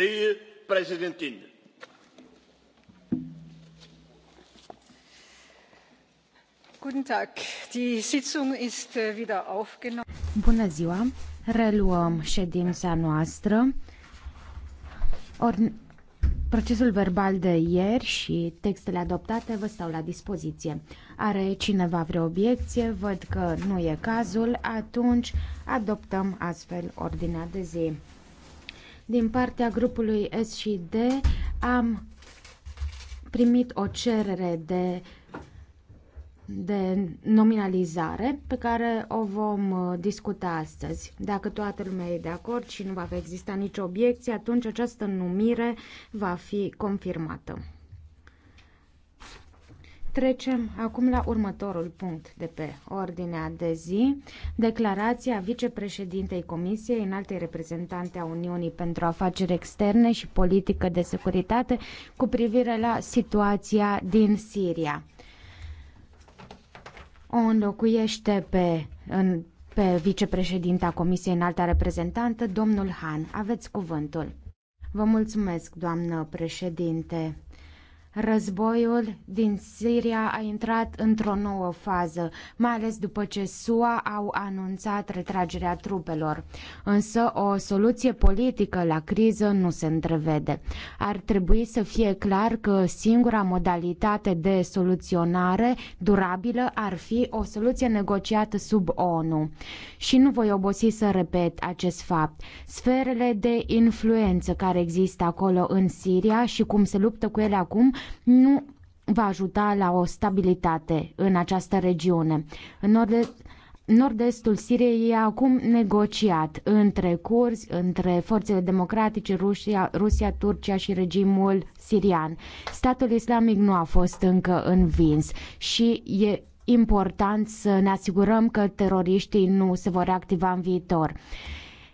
die präsidentin! Äh, Bună ziua! Reluăm ședința noastră. Or, procesul verbal de ieri și textele adoptate vă stau la dispoziție. Are cineva vreo obiecție? Văd că nu e cazul. Atunci adoptăm astfel ordinea de zi. Din partea grupului S și D am primit o cerere de, de nominalizare pe care o vom uh, discuta astăzi. Dacă toată lumea e de acord și nu va exista nicio obiecție, atunci această numire va fi confirmată. Trecem acum la următorul punct de pe ordinea de zi, declarația vicepreședintei Comisiei Înaltei Reprezentante a Uniunii pentru Afaceri Externe și Politică de Securitate cu privire la situația din Siria. O înlocuiește pe, în, pe vicepreședinta Comisiei Înalta Reprezentantă, domnul Han. Aveți cuvântul. Vă mulțumesc, doamnă președinte. Războiul din Siria a intrat într-o nouă fază, mai ales după ce SUA au anunțat retragerea trupelor. Însă o soluție politică la criză nu se întrevede. Ar trebui să fie clar că singura modalitate de soluționare durabilă ar fi o soluție negociată sub ONU. Și nu voi obosi să repet acest fapt. Sferele de influență care există acolo în Siria și cum se luptă cu ele acum nu va ajuta la o stabilitate în această regiune. În nord Nord-estul Siriei e acum negociat între curzi, între forțele democratice, Rusia, Rusia, Turcia și regimul sirian. Statul islamic nu a fost încă învins și e important să ne asigurăm că teroriștii nu se vor activa în viitor.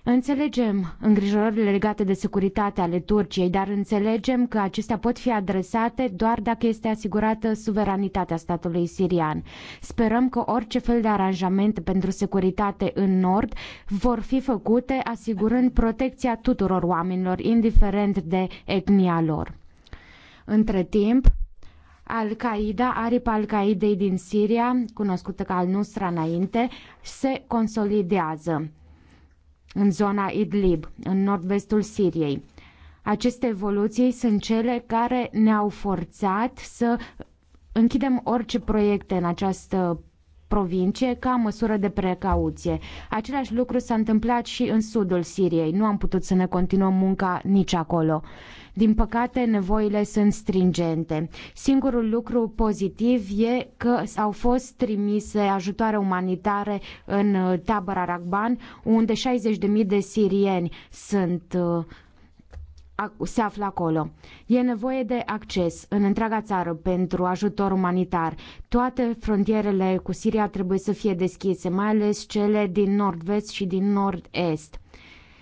Înțelegem îngrijorările legate de securitate ale Turciei, dar înțelegem că acestea pot fi adresate doar dacă este asigurată suveranitatea statului sirian. Sperăm că orice fel de aranjamente pentru securitate în nord vor fi făcute asigurând protecția tuturor oamenilor, indiferent de etnia lor. Între timp, al-Qaeda, aripa Al-Qaidei din Siria, cunoscută ca al-Nusra înainte, se consolidează în zona Idlib, în nord-vestul Siriei. Aceste evoluții sunt cele care ne-au forțat să închidem orice proiecte în această provincie ca măsură de precauție. Același lucru s-a întâmplat și în sudul Siriei. Nu am putut să ne continuăm munca nici acolo. Din păcate, nevoile sunt stringente. Singurul lucru pozitiv e că au fost trimise ajutoare umanitare în uh, tabăra Ragban, unde 60.000 de sirieni sunt uh, se află acolo. E nevoie de acces în întreaga țară pentru ajutor umanitar. Toate frontierele cu Siria trebuie să fie deschise, mai ales cele din nord-vest și din nord-est.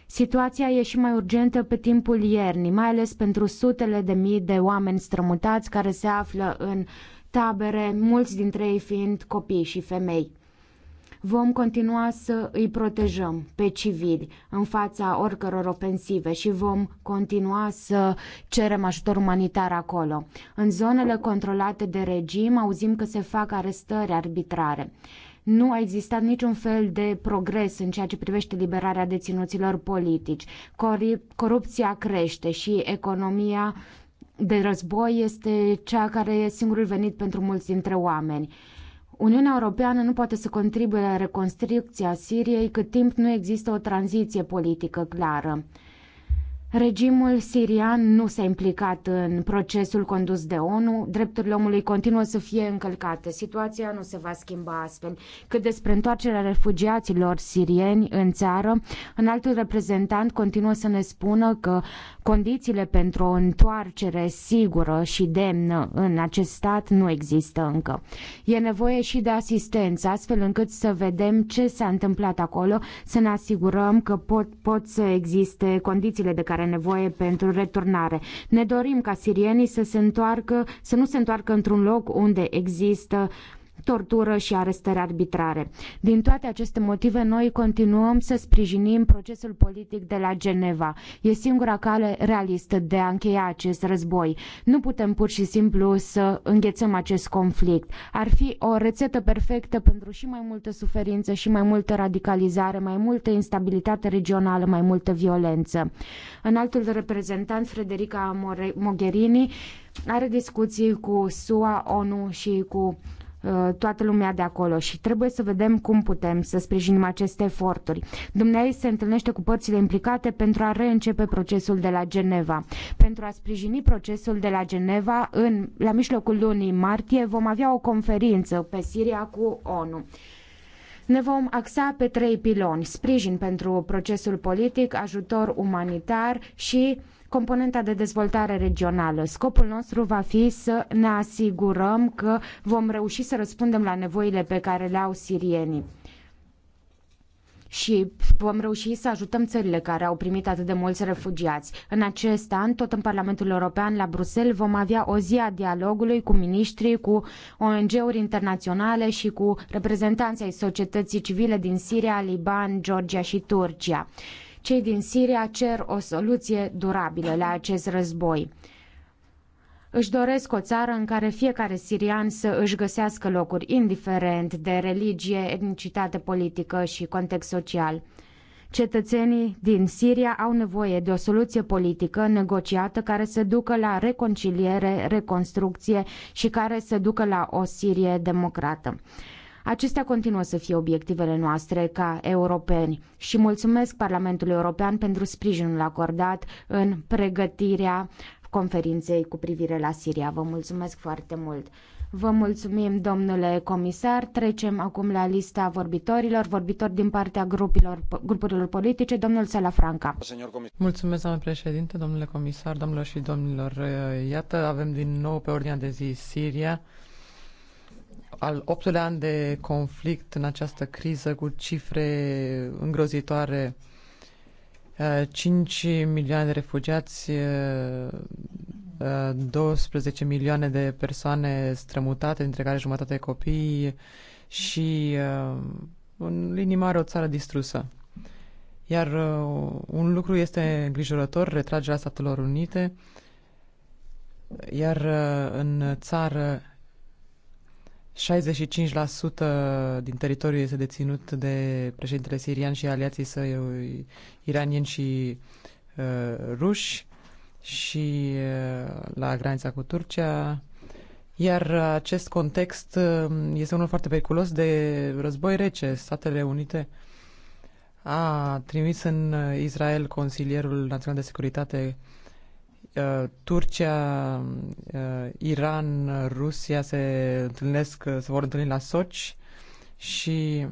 Situația e și mai urgentă pe timpul iernii, mai ales pentru sutele de mii de oameni strămutați care se află în tabere, mulți dintre ei fiind copii și femei. Vom continua să îi protejăm pe civili în fața oricăror ofensive și vom continua să cerem ajutor umanitar acolo. În zonele controlate de regim auzim că se fac arestări arbitrare. Nu a existat niciun fel de progres în ceea ce privește liberarea deținuților politici. Corupția crește și economia de război este cea care e singurul venit pentru mulți dintre oameni. Uniunea Europeană nu poate să contribuie la reconstrucția Siriei cât timp nu există o tranziție politică clară. Regimul sirian nu s-a implicat în procesul condus de ONU, drepturile omului continuă să fie încălcate, situația nu se va schimba astfel. Cât despre întoarcerea refugiaților sirieni în țară, un altul reprezentant continuă să ne spună că condițiile pentru o întoarcere sigură și demnă în acest stat nu există încă. E nevoie și de asistență, astfel încât să vedem ce s-a întâmplat acolo, să ne asigurăm că pot, pot să existe condițiile de care are nevoie pentru returnare. Ne dorim ca sirienii să se întoarcă, să nu se întoarcă într-un loc unde există uh, tortură și arestări arbitrare. Din toate aceste motive, noi continuăm să sprijinim procesul politic de la Geneva. E singura cale realistă de a încheia acest război. Nu putem pur și simplu să înghețăm acest conflict. Ar fi o rețetă perfectă pentru și mai multă suferință, și mai multă radicalizare, mai multă instabilitate regională, mai multă violență. În altul reprezentant, Frederica Mogherini, are discuții cu SUA, ONU și cu Uh, toată lumea de acolo și trebuie să vedem cum putem să sprijinim aceste eforturi. Dumnezeu se întâlnește cu părțile implicate pentru a reîncepe procesul de la Geneva. Pentru a sprijini procesul de la Geneva, în, la mijlocul lunii martie vom avea o conferință pe Siria cu ONU. Ne vom axa pe trei piloni, sprijin pentru procesul politic, ajutor umanitar și componenta de dezvoltare regională. Scopul nostru va fi să ne asigurăm că vom reuși să răspundem la nevoile pe care le au sirienii și vom reuși să ajutăm țările care au primit atât de mulți refugiați. În acest an, tot în Parlamentul European, la Bruxelles, vom avea o zi a dialogului cu miniștrii, cu ONG-uri internaționale și cu reprezentanții societății civile din Siria, Liban, Georgia și Turcia. Cei din Siria cer o soluție durabilă la acest război. Își doresc o țară în care fiecare sirian să își găsească locuri, indiferent de religie, etnicitate politică și context social. Cetățenii din Siria au nevoie de o soluție politică negociată care să ducă la reconciliere, reconstrucție și care să ducă la o Sirie democrată. Acestea continuă să fie obiectivele noastre ca europeni și mulțumesc Parlamentului European pentru sprijinul acordat în pregătirea conferinței cu privire la Siria. Vă mulțumesc foarte mult! Vă mulțumim, domnule comisar. Trecem acum la lista vorbitorilor, vorbitori din partea grupilor, grupurilor politice. Domnul Salafranca. Mulțumesc, doamnă președinte, domnule comisar, domnilor și domnilor. Iată, avem din nou pe ordinea de zi Siria al optulea an de conflict în această criză cu cifre îngrozitoare. 5 uh, milioane de refugiați, 12 uh, uh, milioane de persoane strămutate, dintre care jumătate copii și în linii mari o țară distrusă. Iar un lucru este îngrijorător, retragerea Statelor Unite, iar în țară 65% din teritoriu este deținut de președintele sirian și aliații săi uh, iranieni și uh, ruși și uh, la granița cu Turcia. Iar acest context uh, este unul foarte periculos de război rece. Statele Unite a trimis în Israel consilierul național de securitate uh, Uh, Turcia, uh, Iran, Rusia se întâlnesc, uh, se vor întâlni la Soci și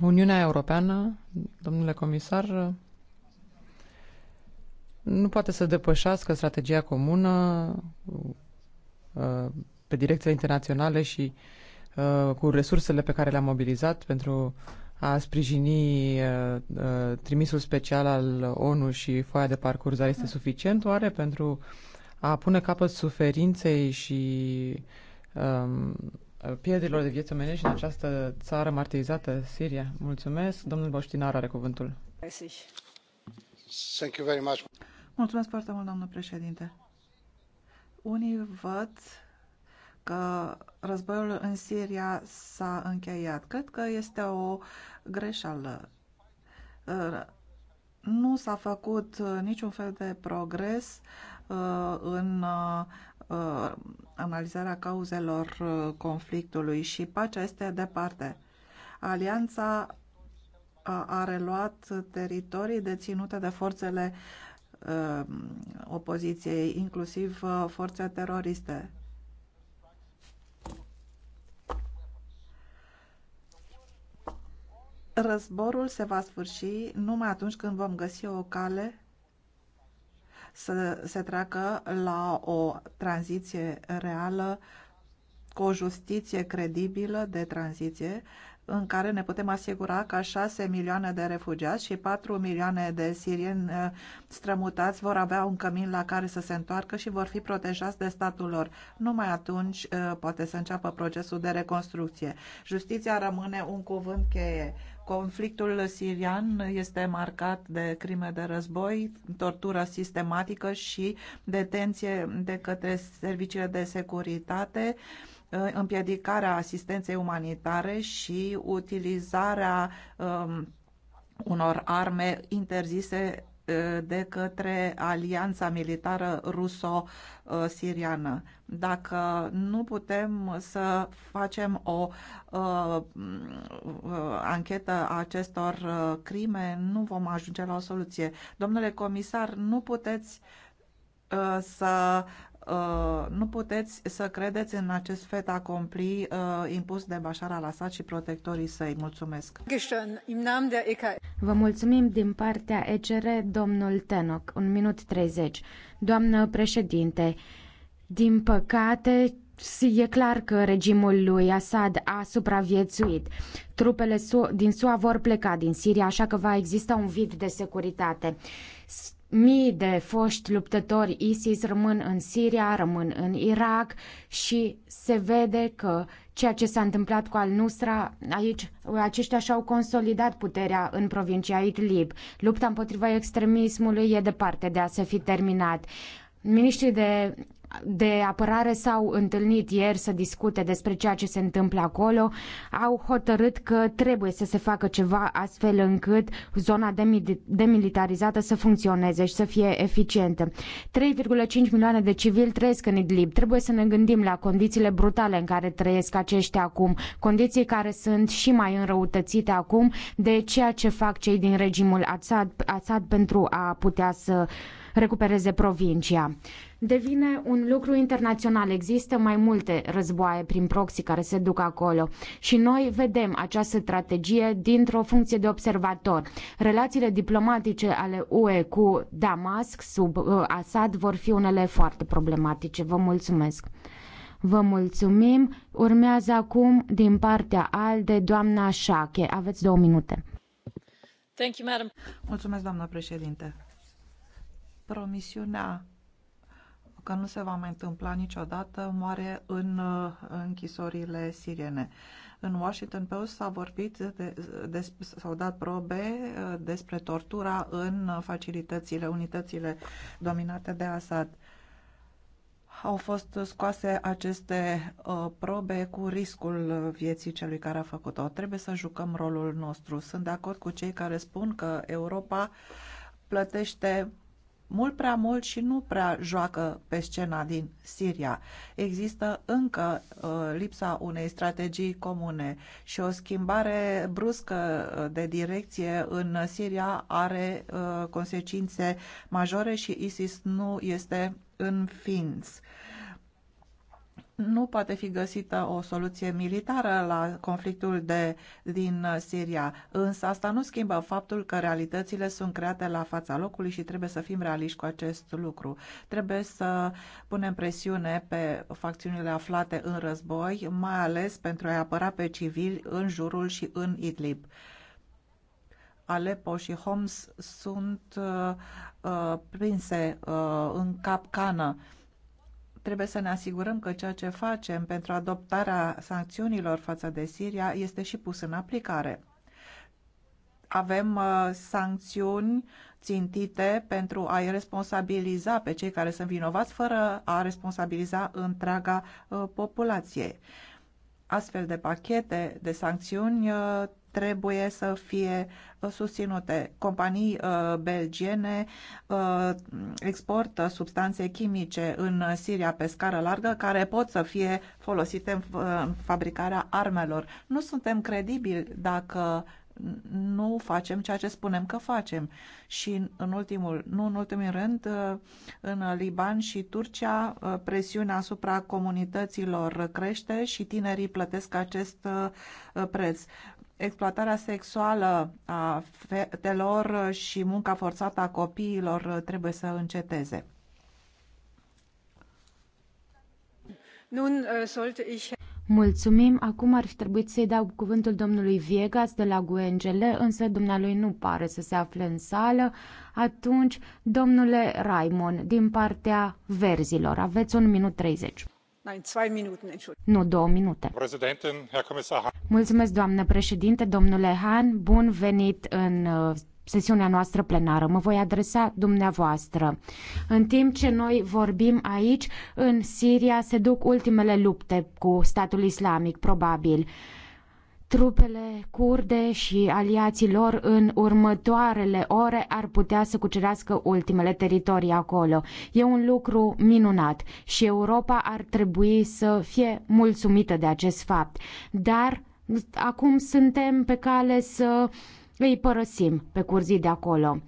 Uniunea Europeană, domnule comisar, nu poate să depășească strategia comună pe direcțiile internaționale și cu resursele pe care le a mobilizat pentru a sprijini uh, uh, trimisul special al ONU și foaia de parcurs, dar este suficient oare pentru a pune capăt suferinței și um, pierderilor de vieți omenești în această țară martirizată, Siria? Mulțumesc. Domnul Boștinar are cuvântul. Thank you very much. Mulțumesc foarte mult, domnul președinte. Unii văd că războiul în Siria s-a încheiat. Cred că este o greșeală. Nu s-a făcut niciun fel de progres uh, în uh, analizarea cauzelor uh, conflictului și pacea este departe. Alianța a reluat teritorii deținute de forțele opoziției, inclusiv forțe teroriste Războiul se va sfârși numai atunci când vom găsi o cale să se treacă la o tranziție reală, cu o justiție credibilă de tranziție, în care ne putem asigura că 6 milioane de refugiați și 4 milioane de sirieni uh, strămutați vor avea un cămin la care să se întoarcă și vor fi protejați de statul lor. Numai atunci uh, poate să înceapă procesul de reconstrucție. Justiția rămâne un cuvânt cheie. Conflictul sirian este marcat de crime de război, tortură sistematică și detenție de către serviciile de securitate, uh, împiedicarea asistenței umanitare și utilizarea um, unor arme interzise de către alianța militară ruso-siriană. Dacă nu putem să facem o uh, uh anchetă a acestor uh, crime, nu vom ajunge la o soluție. Domnule comisar, nu puteți uh, să Uh, nu puteți să credeți în acest fet acompli uh, impus de Bashar al-Assad și protectorii săi. Mulțumesc! Vă mulțumim din partea ECR, domnul Tenoc. Un minut 30. Doamnă președinte, din păcate, E clar că regimul lui Assad a supraviețuit. Trupele din SUA vor pleca din Siria, așa că va exista un vid de securitate. Mii de foști luptători ISIS rămân în Siria, rămân în Irak și se vede că ceea ce s-a întâmplat cu al-Nusra, aici aceștia și-au consolidat puterea în provincia Idlib. Lupta împotriva extremismului e departe de a se fi terminat. Ministrii de de apărare s-au întâlnit ieri să discute despre ceea ce se întâmplă acolo, au hotărât că trebuie să se facă ceva astfel încât zona demilitarizată să funcționeze și să fie eficientă. 3,5 milioane de civili trăiesc în Idlib. Trebuie să ne gândim la condițiile brutale în care trăiesc aceștia acum, condiții care sunt și mai înrăutățite acum de ceea ce fac cei din regimul Assad, Assad pentru a putea să uh, recupereze provincia. Devine un lucru internațional. Există mai multe războaie prin proxy care se duc acolo și noi vedem această strategie dintr-o funcție de observator. Relațiile diplomatice ale UE cu Damasc sub uh, Assad vor fi unele foarte problematice. Vă mulțumesc! Vă mulțumim. Urmează acum din partea ALDE doamna Șache. Aveți două minute. Thank you, madam. Mulțumesc, doamnă președinte promisiunea că nu se va mai întâmpla niciodată moare în uh, închisorile siriene. În Washington Post s-a vorbit, de, de, s-au dat probe uh, despre tortura în facilitățile, unitățile dominate de Assad. Au fost scoase aceste uh, probe cu riscul vieții celui care a făcut-o. Trebuie să jucăm rolul nostru. Sunt de acord cu cei care spun că Europa plătește mult prea mult și nu prea joacă pe scena din Siria. Există încă uh, lipsa unei strategii comune și o schimbare bruscă uh, de direcție în Siria are uh, consecințe majore și ISIS nu este înfins. Uh, nu poate fi găsită o soluție militară la conflictul de, din Siria, însă asta nu schimbă faptul că realitățile sunt create la fața locului și trebuie să fim realiști cu acest lucru. Trebuie să punem presiune pe facțiunile aflate în război, mai ales pentru a-i apăra pe civili în jurul și în Idlib. Aleppo și Homs sunt uh, uh, prinse uh, în capcană. Uh, Trebuie să ne asigurăm că ceea ce facem pentru adoptarea sancțiunilor față de Siria este și pus în aplicare. Avem uh, sancțiuni țintite pentru a-i responsabiliza pe cei care sunt vinovați, fără a responsabiliza întreaga uh, populație. Uh, astfel de pachete de sancțiuni uh, trebuie să fie uh, susținute. Companii uh, belgiene exportă substanțe chimice în Siria pe scară largă care pot să fie folosite în fabricarea armelor. Nu suntem credibili dacă nu facem ceea ce spunem că facem. Și în ultimul, nu în ultimul rând, uh, în Liban și Turcia, uh, presiunea asupra comunităților crește și tinerii plătesc acest uh, preț. Exploatarea sexuală a fetelor și munca forțată a copiilor trebuie să înceteze. Nun sollte ich Mulțumim, acum ar fi trebuit să-i dau cuvântul domnului Viegas de la Guengele, însă dumnealui nu pare să se afle în sală. Atunci, domnule Raimon, din partea verzilor, aveți un minut 30. Nu, două minute. Mulțumesc, doamnă președinte, domnule Han, bun venit în uh, sesiunea noastră plenară. Mă voi adresa dumneavoastră. În timp ce noi vorbim aici, în Siria se duc ultimele lupte cu statul islamic, probabil trupele curde și aliații lor în următoarele ore ar putea să cucerească ultimele teritorii acolo. E un lucru minunat și Europa ar trebui să fie mulțumită de acest fapt. Dar acum suntem pe cale să uh, îi părăsim pe curzii de acolo.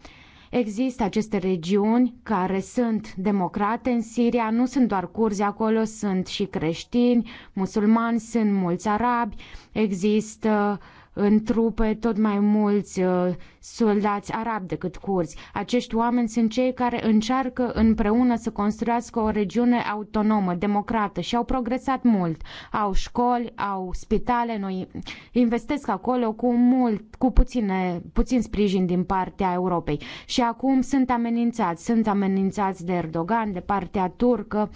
Există aceste regiuni care sunt democrate în Siria, nu sunt doar curzi acolo, sunt și creștini, musulmani, sunt mulți arabi, există uh, în trupe tot mai mulți uh, soldați arabi decât curzi. Acești oameni sunt cei care încearcă împreună să construiască o regiune autonomă, democrată și au progresat mult. Au școli, au spitale, noi investesc acolo cu mult, cu puține, puțin sprijin din partea Europei. Și acum sunt amenințați, sunt amenințați de Erdogan, de partea turcă,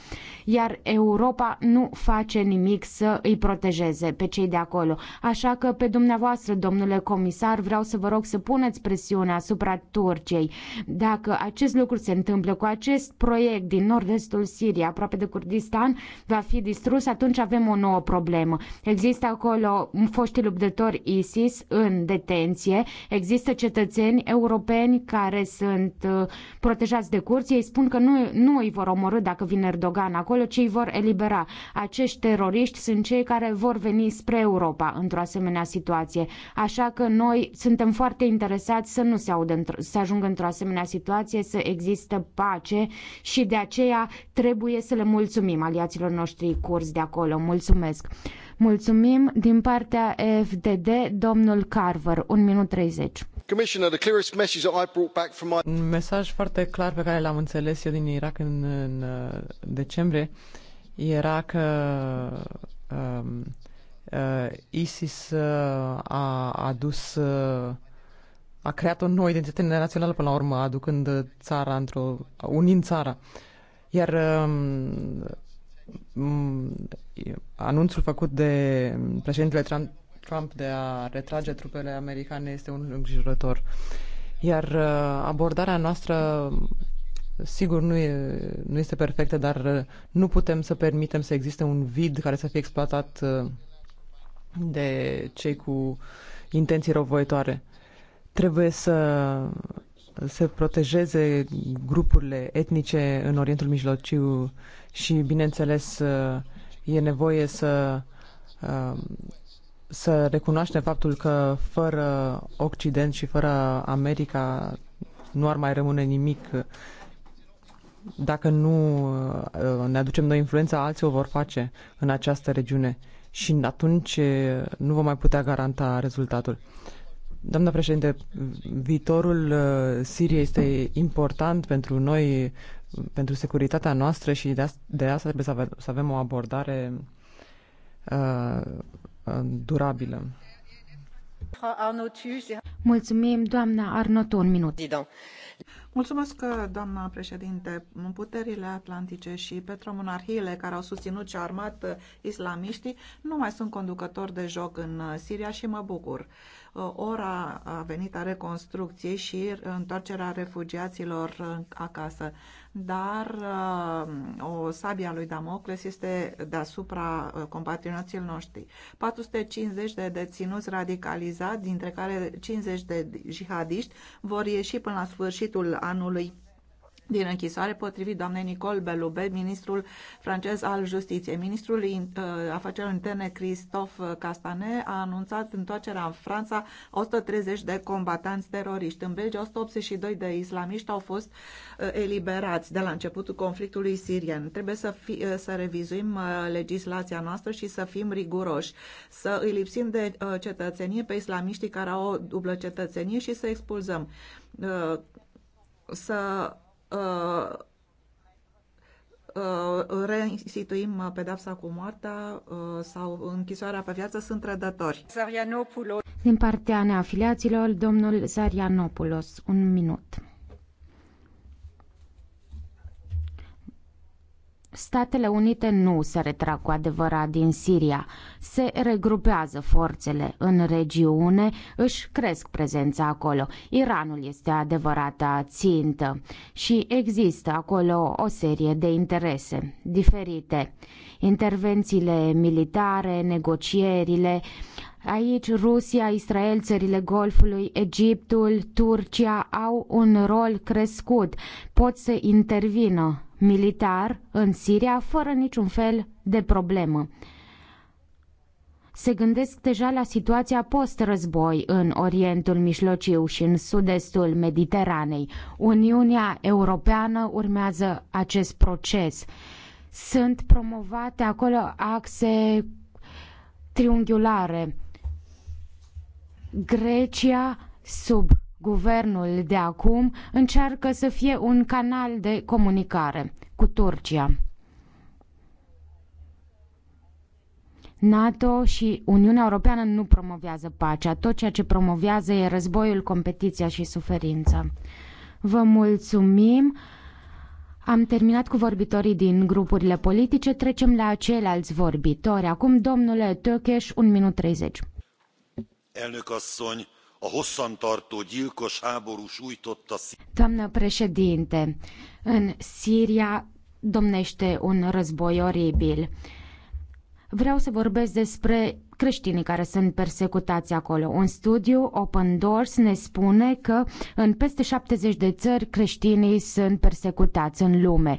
iar Europa nu face nimic să îi protejeze pe cei de acolo. Așa că pe dumneavoastră dumneavoastră, domnule comisar, vreau să vă rog să puneți presiune asupra Turciei. Dacă acest lucru se întâmplă cu acest proiect din nord-estul Siriei, aproape de Kurdistan, va fi distrus, atunci avem o nouă problemă. Există acolo foști luptători ISIS în detenție, există cetățeni europeni care sunt uh, protejați de curți, ei spun că nu, nu îi vor omorâ dacă vine Erdogan acolo, ci îi vor elibera. Acești teroriști sunt cei care vor veni spre Europa într-o asemenea situație situație, așa că noi suntem foarte interesați să nu se, audă, să ajungă într-o asemenea situație, să există pace și de aceea trebuie să le mulțumim aliaților noștri curs de acolo. Mulțumesc! Mulțumim din partea FDD, domnul Carver, 1 minut 30. Un mesaj foarte clar pe care l-am înțeles eu din Irak în, în decembrie era că um, Uh, ISIS uh, a adus, uh, a creat o nouă identitate națională până la urmă, aducând țara într-o, unind țara. Iar um, anunțul făcut de președintele Trump, Trump de a retrage trupele americane este un îngrijorător. Iar abordarea noastră, sigur, nu, e, nu este perfectă, dar nu putem să permitem să existe un vid care să fie exploatat uh, de cei cu intenții răvoitoare. Trebuie să se protejeze grupurile etnice în Orientul Mijlociu și, bineînțeles, e nevoie să um, să recunoaștem faptul că fără Occident și fără America nu ar mai rămâne nimic. Dacă nu uh, ne aducem noi influența, alții o vor face în această regiune și atunci nu vom mai putea garanta rezultatul. Doamna președinte, viitorul Siriei este important pentru noi, pentru securitatea noastră și de, asta trebuie să avem o abordare durabilă. Mulțumim, doamna Arnotu, un minut. Mulțumesc, uh, doamna președinte. Puterile atlantice și petromonarhiile care au susținut și armat uh, islamiștii nu mai sunt conducători de joc în uh, Siria și mă bucur. Ora a venit a reconstrucției și întoarcerea refugiaților acasă dar uh, o sabie a lui Damocles este deasupra uh, compatrioților noștri. 450 de deținuți radicalizați, dintre care 50 de jihadiști, vor ieși până la sfârșitul anului din închisoare, potrivit doamnei Nicole Belube, ministrul francez al justiției. Ministrul uh, afacerilor interne, Christophe Castanet, a anunțat întoarcerea în Franța 130 de combatanți teroriști. În Belgia, 182 de islamiști au fost uh, eliberați de la începutul conflictului sirien. Trebuie să, fi, uh, să revizuim uh, legislația noastră și să fim riguroși, să îi lipsim de uh, cetățenie pe islamiștii care au o dublă cetățenie și să expulzăm. Uh, să uh, uh, reinstituim pedapsa cu moartea uh, sau închisoarea pe viață sunt trădători. Din partea neafiliaților, domnul Zarianopoulos, un minut. Statele Unite nu se retrag cu adevărat din Siria. Se regrupează forțele în regiune, își cresc prezența acolo. Iranul este adevărata țintă și există acolo o serie de interese diferite. Intervențiile militare, negocierile, Aici Rusia, Israel, țările Golfului, Egiptul, Turcia au un rol crescut. Pot să intervină militar în Siria fără niciun fel de problemă. Se gândesc deja la situația post-război în Orientul Mijlociu și în sud-estul Mediteranei. Uniunea Europeană urmează acest proces. Sunt promovate acolo axe triunghiulare. Grecia sub Guvernul de acum încearcă să fie un canal de comunicare cu Turcia. NATO și Uniunea Europeană nu promovează pacea. Tot ceea ce promovează e războiul, competiția și suferința. Vă mulțumim! Am terminat cu vorbitorii din grupurile politice, trecem la ceilalți vorbitori. Acum, domnule Tökeș, un minut 30. Elnök asszony, Doamnă președinte, în Siria domnește un război oribil. Vreau să vorbesc despre creștinii care sunt persecutați acolo. Un studiu Open Doors ne spune că în peste 70 de țări creștinii sunt persecutați în lume.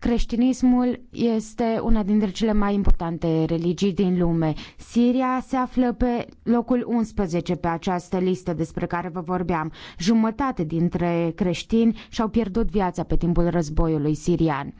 Creștinismul este una dintre cele mai importante religii din lume. Siria se află pe locul 11 pe această listă despre care vă vorbeam. Jumătate dintre creștini și-au pierdut viața pe timpul războiului sirian.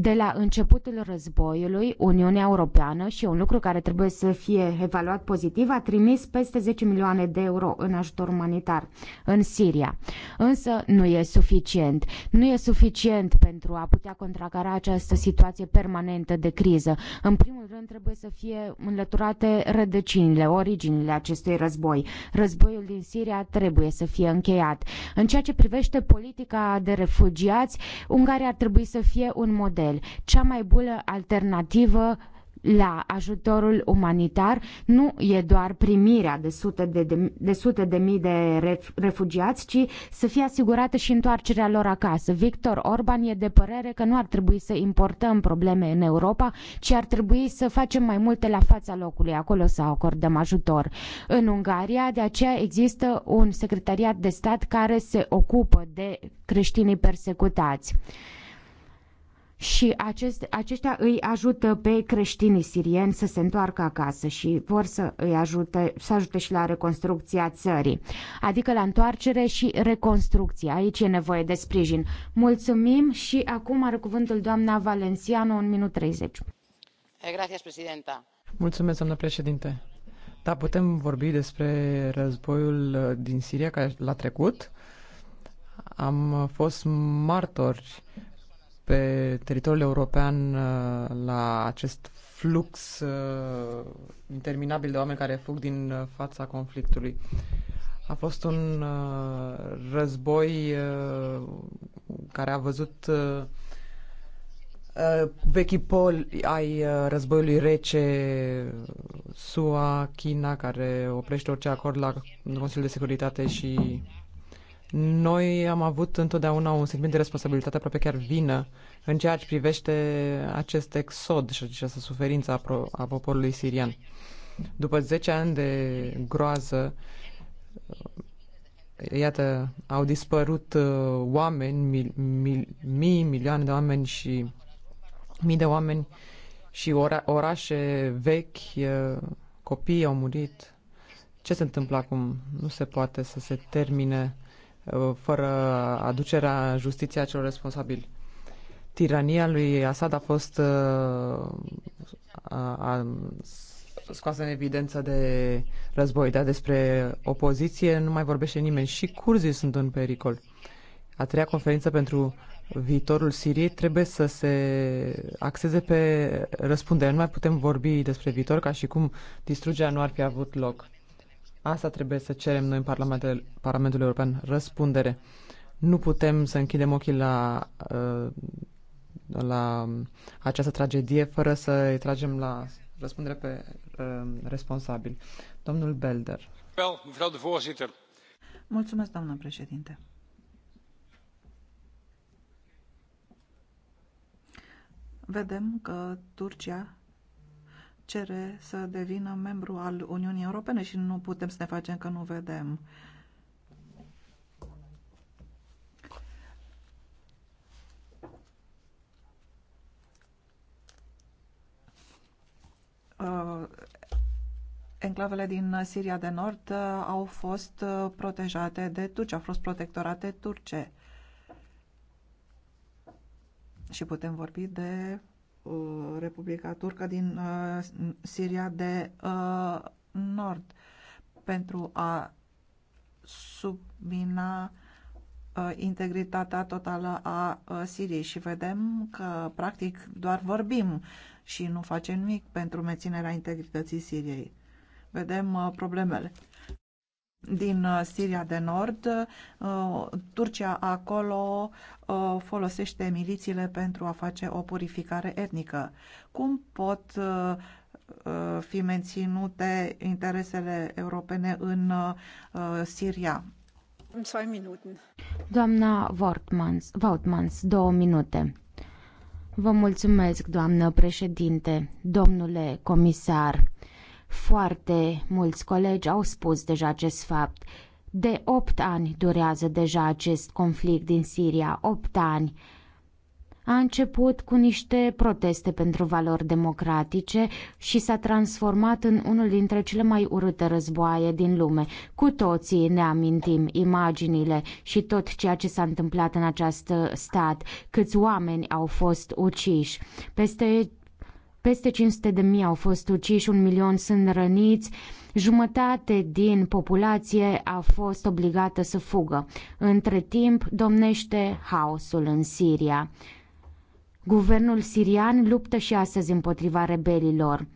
De la începutul războiului, Uniunea Europeană și un lucru care trebuie să fie evaluat pozitiv a trimis peste 10 milioane de euro în ajutor umanitar în Siria. Însă nu e suficient. Nu e suficient pentru a putea contracara această situație permanentă de criză. În primul rând trebuie să fie înlăturate rădăcinile, originile acestui război. Războiul din Siria trebuie să fie încheiat. În ceea ce privește politica de refugiați, Ungaria ar trebui să fie un model el. Cea mai bună alternativă la ajutorul umanitar nu e doar primirea de sute de, de, de, sute de mii de refugiați, ci să fie asigurată și întoarcerea lor acasă. Victor Orban e de părere că nu ar trebui să importăm probleme în Europa, ci ar trebui să facem mai multe la fața locului, acolo să acordăm ajutor. În Ungaria, de aceea există un secretariat de stat care se ocupă de creștinii persecutați și acest, aceștia îi ajută pe creștinii sirieni să se întoarcă acasă și vor să îi ajute, să ajute și la reconstrucția țării, adică la întoarcere și reconstrucție. Aici e nevoie de sprijin. Mulțumim și acum are cuvântul doamna Valenciano, 1 minut 30. Eh, gracias, presidenta. Mulțumesc, doamnă președinte. Da, putem vorbi despre războiul uh, din Siria care l-a trecut. Am fost martori pe teritoriul european uh, la acest flux uh, interminabil de oameni care fug din uh, fața conflictului. A fost un război care a văzut vechi pol ai războiului rece, SUA, China, care oprește orice acord la Consiliul de Securitate și noi am avut întotdeauna un sentiment de responsabilitate aproape chiar vină în ceea ce privește acest exod și această suferință a, pro- a poporului sirian. După 10 ani de groază, iată, au dispărut uh, oameni, mii, mii, milioane de oameni și mii de oameni și ora, orașe vechi, uh, copii au murit. Ce se întâmplă acum? Nu se poate să se termine fără aducerea justiției a celor responsabili. Tirania lui Assad a fost uh, a, a, scoasă în evidență de război, dar despre opoziție nu mai vorbește nimeni și curzii sunt în pericol. A treia conferință pentru viitorul Siriei trebuie să se axeze pe răspundere. Nu mai putem vorbi despre viitor ca și cum distrugerea nu ar fi avut loc. Asta trebuie să cerem noi în Parlamentul, Parlamentul European, răspundere. Nu putem să închidem ochii la, uh, la această tragedie fără să îi tragem la răspundere pe uh, responsabil. Domnul Belder. Mulțumesc, doamnă președinte. Vedem că Turcia cere să devină membru al Uniunii Europene și nu putem să ne facem că nu vedem. Uh, enclavele din Siria de Nord uh, au fost uh, protejate de turci, au fost protectorate turce. Și putem vorbi de Uh, Republica Turcă din uh, Siria de uh, Nord pentru a submina integritatea totală a Siriei și vedem că practic doar vorbim și nu facem nimic pentru menținerea integrității Siriei. Vedem problemele din uh, Siria de Nord. Uh, Turcia acolo uh, folosește milițiile pentru a face o purificare etnică. Cum pot fi menținute interesele europene în Siria? Doamna Wortmans, Wortmans, două minute. Vă mulțumesc, doamnă președinte, domnule comisar. Foarte mulți colegi au spus deja acest fapt. De opt ani durează deja acest conflict din Siria, opt ani. A început cu niște proteste pentru valori democratice și s-a transformat în unul dintre cele mai urâte războaie din lume. Cu toții ne amintim imaginile și tot ceea ce s-a întâmplat în acest stat, câți oameni au fost uciși. Peste peste 500 de mii au fost uciși, un milion sunt răniți, jumătate din populație a fost obligată să fugă. Între timp domnește haosul în Siria. Guvernul sirian luptă și astăzi împotriva rebelilor.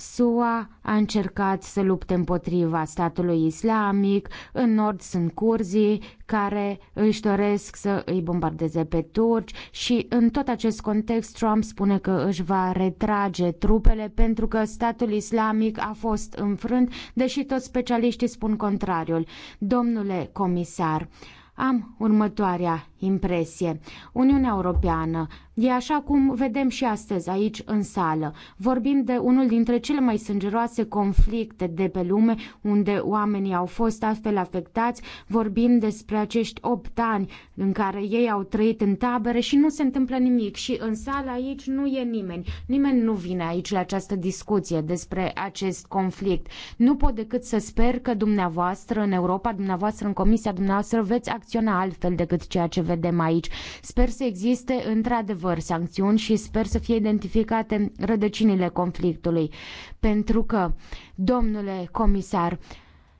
SUA a încercat să lupte împotriva statului islamic, în nord sunt curzii care își doresc să îi bombardeze pe turci și în tot acest context Trump spune că își va retrage trupele pentru că statul islamic a fost înfrânt, deși toți specialiștii spun contrariul. Domnule comisar, am următoarea impresie. Uniunea Europeană e așa cum vedem și astăzi aici în sală. Vorbim de unul dintre cele mai sângeroase conflicte de pe lume unde oamenii au fost astfel afectați. Vorbim despre acești opt ani în care ei au trăit în tabere și nu se întâmplă nimic și în sală aici nu e nimeni. Nimeni nu vine aici la această discuție despre acest conflict. Nu pot decât să sper că dumneavoastră în Europa, dumneavoastră în Comisia, dumneavoastră veți acționa altfel decât ceea ce vedem aici. Sper să existe într-adevăr sancțiuni și sper să fie identificate rădăcinile conflictului. Pentru că, domnule comisar,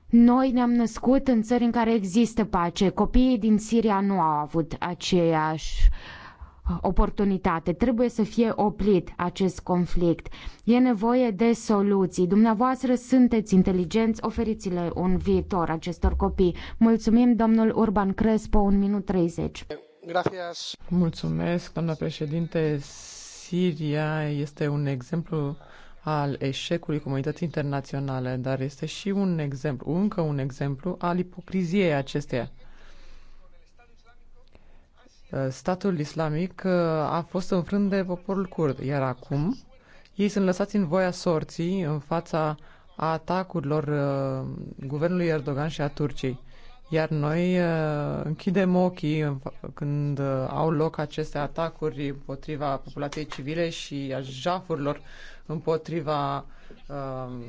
noi ne-am născut în țări în care există pace. Copiii din Siria nu au avut aceeași uh, Uh, oportunitate. Trebuie să fie oprit acest conflict. E nevoie de soluții. Dumneavoastră sunteți inteligenți, oferiți-le un viitor acestor copii. Mulțumim, domnul Urban Crespo, un minut 30. Gracias. Mulțumesc, doamna președinte. Siria este un exemplu al eșecului comunității internaționale, dar este și un exemplu, încă un exemplu al ipocriziei acesteia Uh, statul islamic uh, a fost înfrânt de poporul curd, iar acum ei sunt lăsați în voia sorții în fața atacurilor uh, guvernului Erdogan și a Turciei. Iar noi închidem ochii când au loc aceste atacuri împotriva populației civile și a jafurilor împotriva um,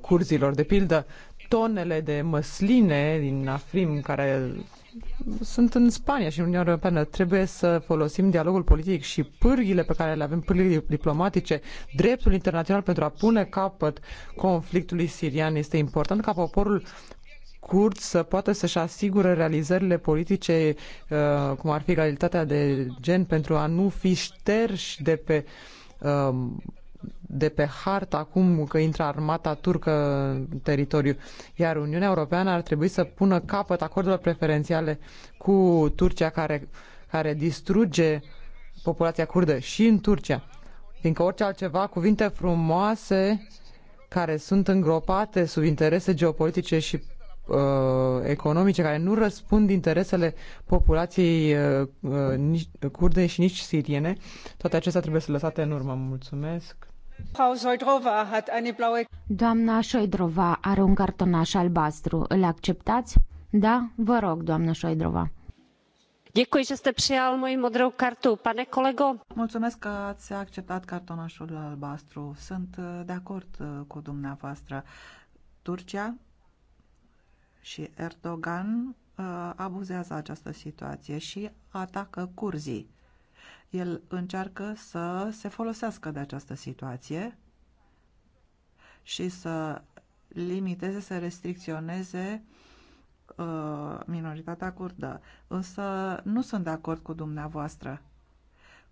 curzilor. De pildă, tonele de măsline din Afrim care sunt în Spania și în Uniunea Europeană. Trebuie să folosim dialogul politic și pârghile pe care le avem, pârghile diplomatice, dreptul internațional pentru a pune capăt conflictului sirian. Este important ca poporul curt să poată să-și asigure realizările politice, uh, cum ar fi egalitatea de gen, pentru a nu fi șterși de pe um, de pe hartă acum că intră armata turcă în teritoriu, iar Uniunea Europeană ar trebui să pună capăt acordurilor preferențiale cu Turcia care, care distruge populația curdă și în Turcia. Fiindcă orice altceva, cuvinte frumoase care sunt îngropate sub interese geopolitice și uh, economice, care nu răspund interesele populației uh, uh, curde și nici siriene, toate acestea trebuie să lăsate în urmă. Mulțumesc! Doamna Șoidrova are un cartonaș albastru. Îl acceptați? Da? Vă rog, doamna Șoidrova. Děkuji, že jste přijal moji modrou kartu. Pane kolego. Mulțumesc că ați acceptat cartonașul albastru. Sunt uh, de acord uh, cu dumneavoastră. Turcia și Erdogan uh, abuzează această situație și atacă curzii el încearcă să se folosească de această situație și să limiteze, să restricționeze uh, minoritatea curdă. Însă nu sunt de acord cu dumneavoastră.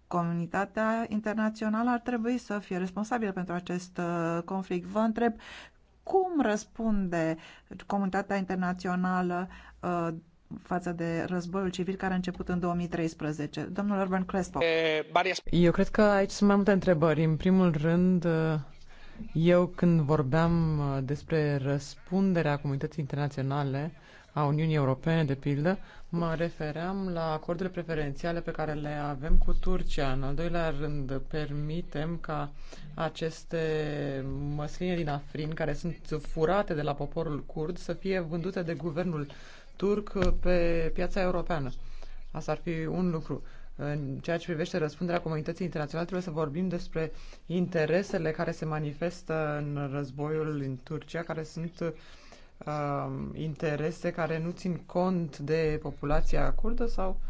Comunitatea internațională ar trebui să fie responsabilă pentru acest uh, conflict. Vă întreb cum răspunde comunitatea internațională uh, față de războiul civil care a început în 2013. Domnul Urban Crespo. Eu cred că aici sunt mai multe întrebări. În primul rând, eu când vorbeam uh, despre răspunderea comunității internaționale, a Uniunii Europene, de pildă, mă refeream la acordurile preferențiale pe care le avem cu Turcia. În al doilea rând, permitem ca aceste măsline din Afrin, care sunt furate de la poporul curd, să fie vândute de guvernul turc pe piața europeană. Asta ar fi un lucru. În ceea ce privește răspunderea comunității internaționale, trebuie să vorbim despre interesele care se manifestă în războiul în Turcia, care sunt uh, interese care nu țin cont de populația curdă sau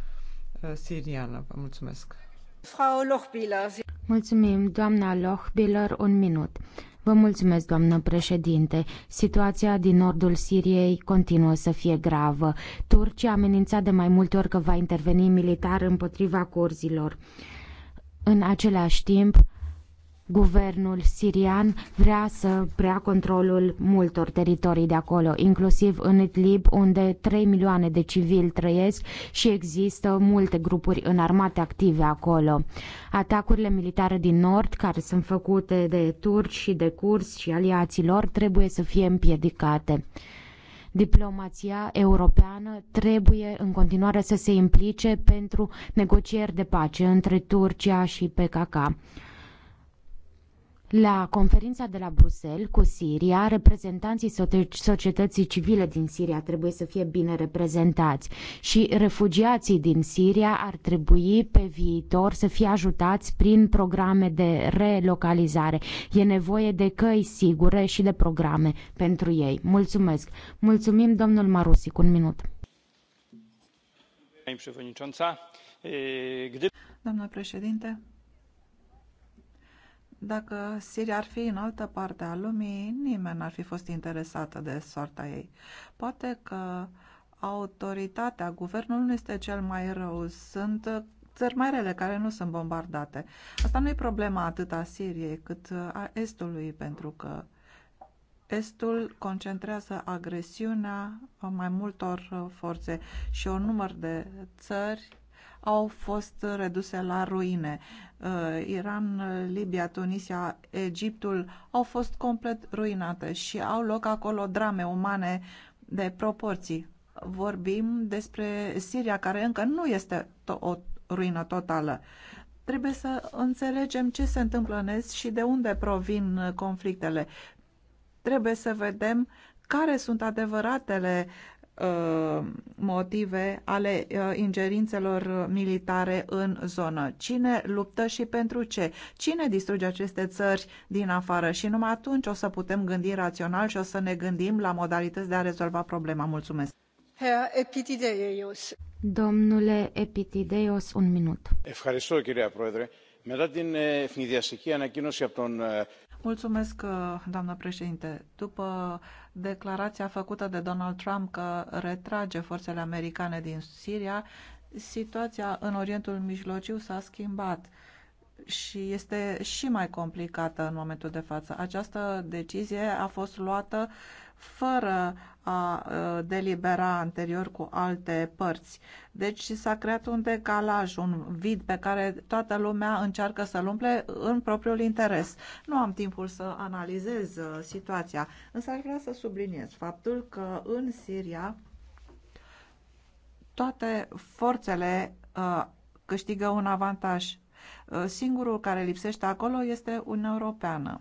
uh, siriană. Vă mulțumesc. Frau Lochbiller. Mulțumim, doamna Lochbiller, un minut. Vă mulțumesc, doamnă președinte. Situația din nordul Siriei continuă să fie gravă. Turcia amenința de mai multe ori că va interveni militar împotriva curzilor. În același timp, Guvernul sirian vrea să preia controlul multor teritorii de acolo, inclusiv în Idlib, unde 3 milioane de civili trăiesc și există multe grupuri înarmate active acolo. Atacurile militare din nord, care sunt făcute de turci și de curzi și aliații lor, trebuie să fie împiedicate diplomația europeană trebuie în continuare să se implice pentru negocieri de pace între Turcia și PKK. La conferința de la Bruxelles cu Siria, reprezentanții societății civile din Siria trebuie să fie bine reprezentați și refugiații din Siria ar trebui pe viitor să fie ajutați prin programe de relocalizare. E nevoie de căi sigure și de programe pentru ei. Mulțumesc. Mulțumim, domnul Marusic. Un minut. Doamna președinte, dacă Siria ar fi în altă parte a lumii, nimeni n-ar fi fost interesată de soarta ei. Poate că autoritatea, guvernul nu este cel mai rău, sunt uh, țări mai rele care nu sunt bombardate. Asta nu e problema atât a Siriei, cât uh, a Estului, pentru că Estul concentrează agresiunea mai multor uh, forțe și un număr de țări au fost reduse la ruine. Uh, Iran, Libia, Tunisia, Egiptul au fost complet ruinate și au loc acolo drame umane de proporții. Vorbim despre Siria, care încă nu este o ruină totală trebuie să înțelegem ce se întâmplă în Est și de unde provin uh, conflictele. Trebuie să vedem care sunt adevăratele Uh, motive ale uh, ingerințelor militare în zonă. Cine luptă și pentru ce? Cine distruge aceste țări din afară? Și numai atunci o să putem gândi rațional și o să ne gândim la modalități de a rezolva problema. Mulțumesc! Epitideios. Domnule Epitideios, un minut. Ευχαριστώ, κυρία Πρόεδρε. Μετά din ευνηδιαστική ανακοίνωση από τον Mulțumesc, uh, doamnă președinte. După declarația făcută de Donald Trump că retrage forțele americane din Siria, situația în Orientul Mijlociu s-a schimbat și este și mai complicată în momentul de față. Această decizie a fost luată uh, fără a ă, delibera anterior cu alte părți. Deci s-a creat un decalaj, un vid pe care toată lumea încearcă să-l umple în propriul interes. Nu am timpul să analizez ă, situația, însă aș vrea să subliniez faptul că în Siria toate forțele ă, câștigă un avantaj. Singurul care lipsește acolo este Uniunea Europeană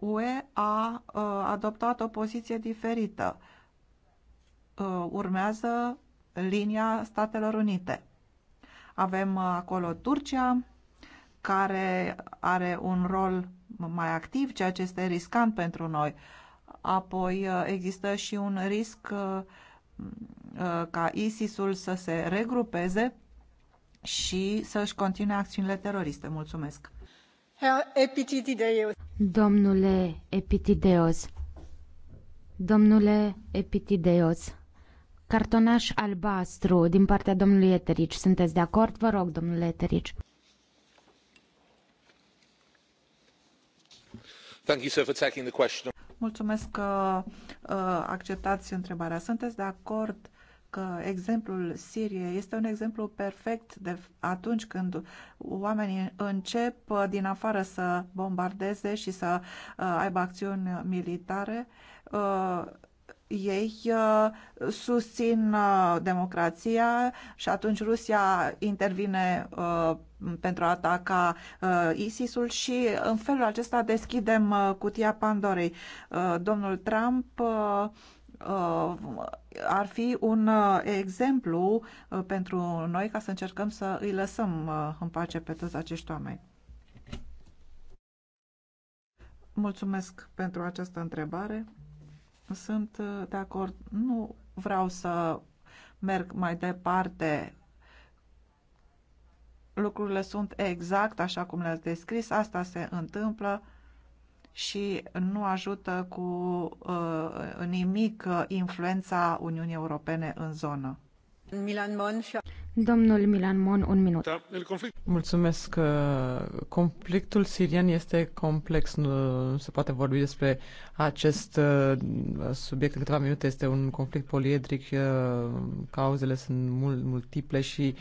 UE a uh, adoptat o poziție diferită. Uh, urmează linia Statelor Unite. Avem uh, acolo Turcia, care are un rol mai activ, ceea ce este riscant pentru noi. Apoi există și un risc ca ISIS-ul să se regrupeze și să-și continue acțiunile teroriste. Mulțumesc! Domnule Epitideos, domnule Epitideos, cartonaș albastru din partea domnului Eterici. Sunteți de acord? Vă rog, domnule Eterici. Thank you, sir, for taking the question. Mulțumesc că uh, acceptați întrebarea. Sunteți de acord că exemplul Siriei este un exemplu perfect de atunci când oamenii încep uh, din afară să bombardeze și să uh, aibă acțiuni militare, uh, ei susțin democrația și atunci Rusia intervine pentru a ataca ISIS-ul și în felul acesta deschidem cutia Pandorei. Domnul Trump Uh, ar fi un uh, exemplu uh, pentru noi ca să încercăm să îi lăsăm în pace pe toți acești oameni. Mulțumesc pentru această întrebare. Sunt de acord. Nu vreau să merg mai departe. Lucrurile sunt exact așa cum le-ați descris. Asta se întâmplă și nu ajută cu uh, nimic influența Uniunii Europene în zonă. Milan Mon și Domnul Milan Mon, un minut. Da, conflict. Mulțumesc. Uh, conflictul sirian este complex. Nu se poate vorbi despre acest uh, subiect în câteva minute. Este un conflict poliedric. Uh, cauzele sunt multiple și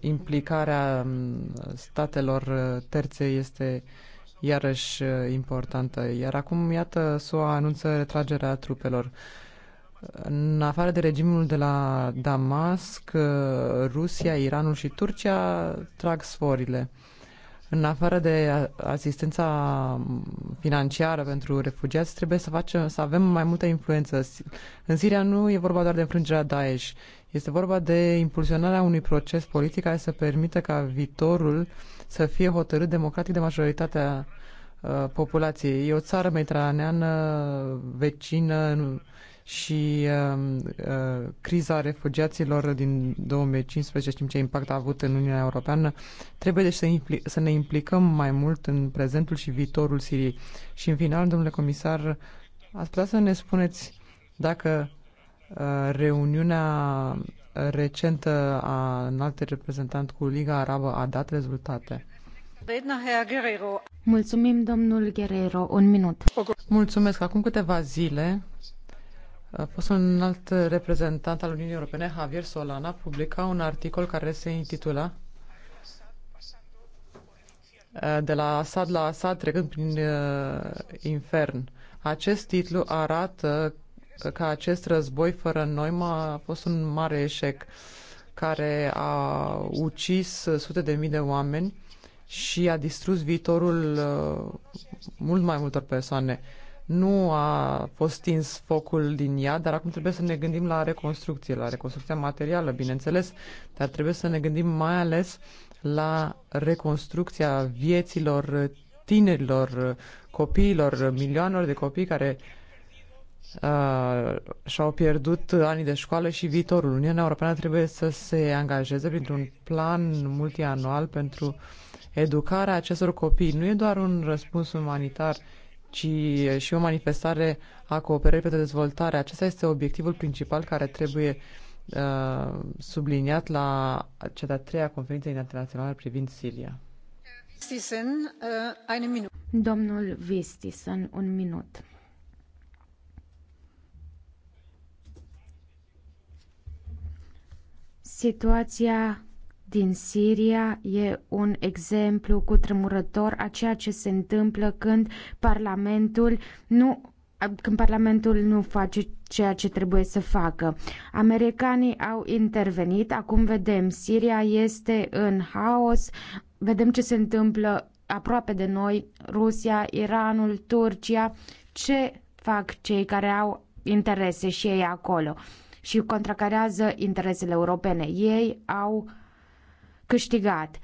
implicarea um, statelor terțe este iarăși uh, importantă. Iar acum, iată, SUA anunță retragerea trupelor. În afară de regimul de la Damasc, uh, Rusia, Iranul și Turcia trag sforile. În afară de asistența financiară pentru refugiați, trebuie să, facem, să avem mai multă influență. În Siria nu e vorba doar de înfrângerea Daesh, este vorba de impulsionarea unui proces politic care să permită ca viitorul să fie hotărât democratic de majoritatea uh, populației. E o țară mediteraneană vecină și uh, uh, criza refugiaților din 2015, știm ce impact a avut în Uniunea Europeană, trebuie deci să, impli- să ne implicăm mai mult în prezentul și viitorul Siriei. Și în final, domnule comisar, ați putea să ne spuneți dacă uh, reuniunea recentă a înaltei reprezentant cu Liga Arabă a dat rezultate. Mulțumim, domnul Guerrero. Un minut. Mulțumesc. Acum câteva zile Fostul înalt reprezentant al Uniunii Europene, Javier Solana, publica un articol care se intitula De la Assad la Assad, trecând prin uh, infern. Acest titlu arată că acest război fără noi a fost un mare eșec care a ucis sute de mii de oameni și a distrus viitorul uh, mult mai multor persoane. Uh, nu a fost stins focul din ea, dar acum trebuie să ne gândim la reconstrucție, la reconstrucția materială, bineînțeles, dar trebuie să ne gândim mai ales la reconstrucția vieților tinerilor, copiilor, milioanelor de copii care uh, și-au pierdut anii de școală și viitorul. Uniunea Europeană trebuie să se angajeze printr-un plan multianual pentru educarea acestor copii. Nu e doar un răspuns umanitar, ci și o manifestare a cooperării pentru dezvoltare. Acesta este obiectivul principal care trebuie uh, subliniat la cea de-a treia conferință internațională privind Siria. Vistisen, uh, Domnul Vistisen, un minut. Situația din Siria e un exemplu cutremurător a ceea ce se întâmplă când Parlamentul nu când Parlamentul nu face ceea ce trebuie să facă. Americanii au intervenit, acum vedem, Siria este în haos, vedem ce se întâmplă aproape de noi, Rusia, Iranul, Turcia, ce fac cei care au interese și ei acolo și contracarează interesele europene. Ei au câștigat.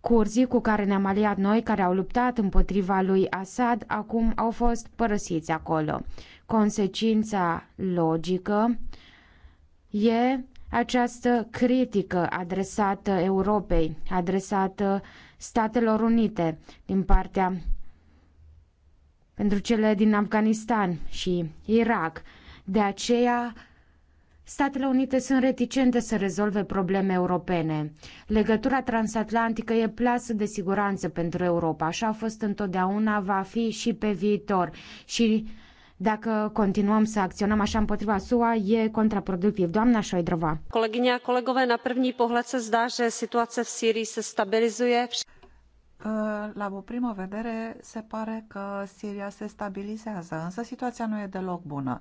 Curzii cu care ne-am aliat noi, care au luptat împotriva lui Assad, acum au fost părăsiți acolo. Consecința logică e această critică adresată Europei, adresată Statelor Unite din partea pentru cele din Afganistan și Irak. De aceea Statele Unite sunt reticente să rezolve probleme europene. Legătura transatlantică e plasă de siguranță pentru Europa. Așa a fost întotdeauna, va fi și pe viitor. Și dacă continuăm să acționăm așa împotriva SUA, e contraproductiv. Doamna Șoidrova. Kolegyně colegove, kolegové, na první pohled se zdá, že situace v Syrii se stabilizuje la o primă vedere se pare că Siria se stabilizează, însă situația nu e deloc bună.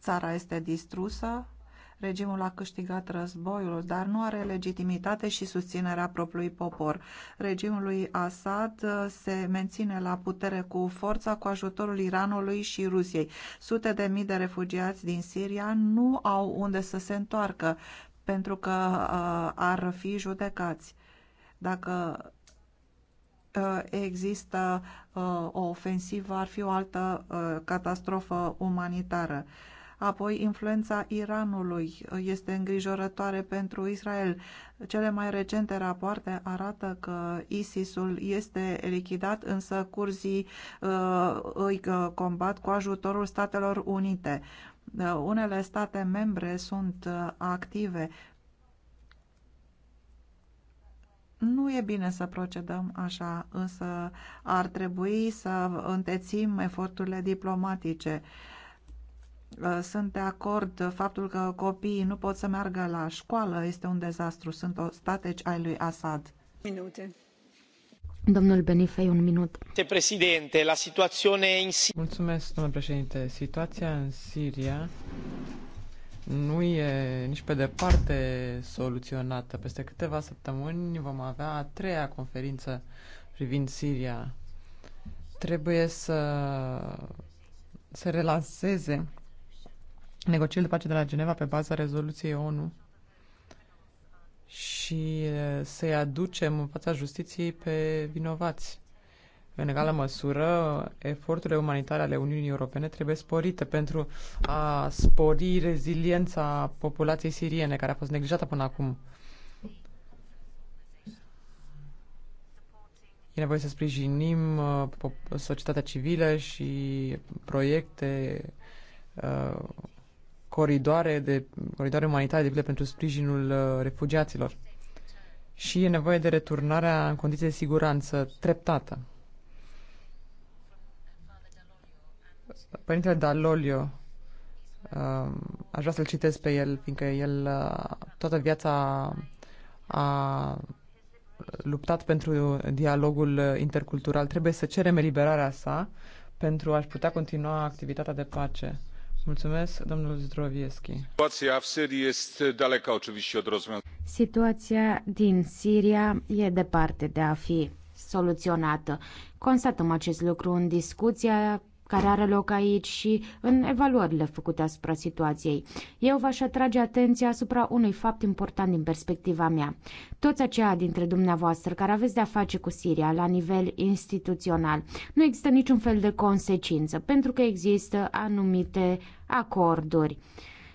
Țara este distrusă, regimul a câștigat războiul, dar nu are legitimitate și susținerea propriului popor. Regimul lui Assad se menține la putere cu forța, cu ajutorul Iranului și Rusiei. Sute de mii de refugiați din Siria nu au unde să se întoarcă pentru că ar fi judecați. Dacă Uh, există uh, o ofensivă, ar fi o altă uh, catastrofă umanitară. Apoi, influența Iranului este îngrijorătoare pentru Israel. Cele mai recente rapoarte arată că ISIS-ul este lichidat, însă curzii uh, îi combat cu ajutorul Statelor Unite. Unele state membre sunt active Nu e bine să procedăm așa, însă ar trebui să întețim eforturile diplomatice. Uh, sunt de acord faptul că copiii nu pot să meargă la școală, este un dezastru, sunt o stateci ai lui Assad. Minute. Domnul Benifei, un minut. Președinte, la situație în Siria. Mulțumesc, domnule președinte. Situația în Siria nu e nici pe departe soluționată. Peste câteva săptămâni vom avea a treia conferință privind Siria. Trebuie să se relanseze negocierile de pace de la Geneva pe baza rezoluției ONU și să-i aducem în fața justiției pe vinovați. În egală măsură, eforturile umanitare ale Uniunii Europene trebuie sporite pentru a spori reziliența populației siriene, care a fost neglijată până acum. E nevoie să sprijinim uh, societatea civilă și proiecte, uh, coridoare, de, coridoare umanitare, de bine pentru sprijinul uh, refugiaților. Și e nevoie de returnarea în condiții de siguranță treptată. Părintele Dalolio, um, aș vrea să-l citesc pe el, fiindcă el uh, toată viața a luptat pentru dialogul intercultural. Trebuie să cerem eliberarea sa pentru a-și putea continua activitatea de pace. Mulțumesc, domnul Zdrovieschi. Situația în Siria este dalecă, oczywiście, od rozwiązania. Situația din Siria e departe de a fi soluționată. Constatăm acest lucru în discuția care are loc aici și în evaluările făcute asupra situației. Eu v-aș atrage atenția asupra unui fapt important din perspectiva mea. Toți aceia dintre dumneavoastră care aveți de-a face cu Siria la nivel instituțional, nu există niciun fel de consecință, pentru că există anumite acorduri.